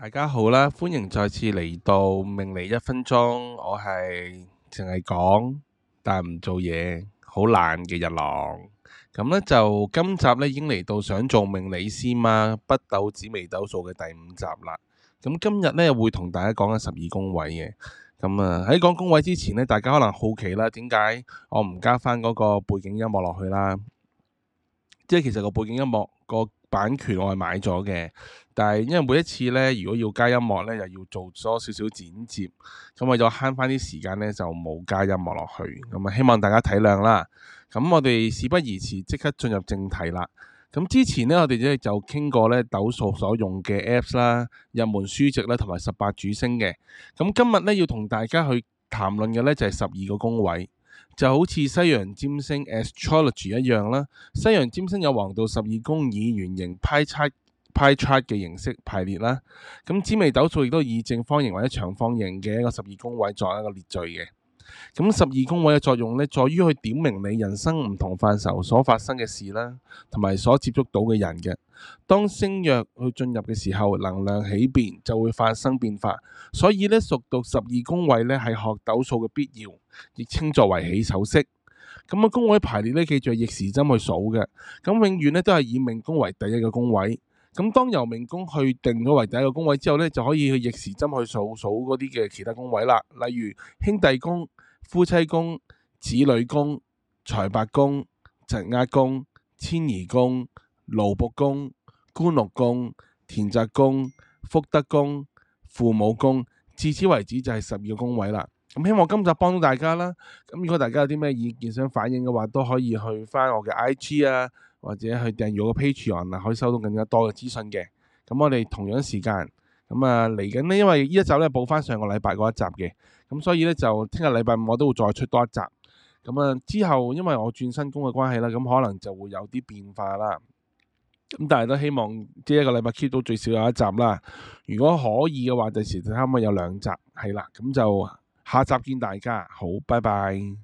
大家好啦，歡迎再次嚟到命理一分鐘，我係淨係講但唔做嘢，好懶嘅日郎。咁咧就今集咧已經嚟到想做命理師嘛，北派紫微斗數嘅第五集啦。咁今日咧會同大家講緊十二宮位嘅。咁啊喺講宮位之前咧，大家可能好奇啦，點解我唔加翻嗰個背景音樂落去啦？即係其實個背景音樂個版權我係買咗嘅，但係因為每一次咧，如果要加音樂咧，又要做多少少剪接，咁為咗慳翻啲時間咧，就冇加音樂落去。咁啊，希望大家體諒啦。咁我哋事不宜遲，即刻進入正題啦。咁之前咧，我哋咧就傾過咧斗數所用嘅 Apps 啦、入門書籍啦同埋十八主星嘅。咁今日咧要同大家去談論嘅咧就係十二個宮位。就好似西洋占星 Astrology 一樣啦，西洋占星有黃道十二宮以圓形 pie chart pie chart 嘅形式排列啦，咁紫微斗數亦都以正方形或者長方形嘅一個十二宮位作為一個列序嘅。咁十二宮位嘅作用呢，在於去點明你人生唔同範疇所發生嘅事啦，同埋所接觸到嘅人嘅。當星曜去進入嘅時候，能量起變就會發生變化。所以呢，熟讀十二宮位呢係學斗數嘅必要，亦稱作為起手式。咁啊，宮位排列呢，記住係逆時針去數嘅。咁永遠呢，都係以命宮為第一個宮位。咁當由命宮去定咗為第一個宮位之後咧，就可以去逆時針去數數嗰啲嘅其他宮位啦。例如兄弟宮、夫妻宮、子女宮、財帛宮、疾厄宮、遷移宮、奴僕宮、官祿宮、田宅宮、福德宮、父母宮。至此為止就係十二個宮位啦。咁希望今集幫到大家啦。咁如果大家有啲咩意見想反映嘅話，都可以去返我嘅 IG 啊。或者去訂閱我個 Patreon，我係咪可以收到更加多嘅資訊嘅？咁我哋同樣時間咁啊嚟緊呢，因為呢一集咧補翻上個禮拜嗰一集嘅，咁所以咧就聽日禮拜五我都會再出多一集。咁啊之後，因為我轉新工嘅關係啦，咁可能就會有啲變化啦。咁但係都希望即係一個禮拜 keep 到最少有一集啦。如果可以嘅話，第時睇下可唔可以有兩集？係啦，咁就下集見大家，好，拜拜。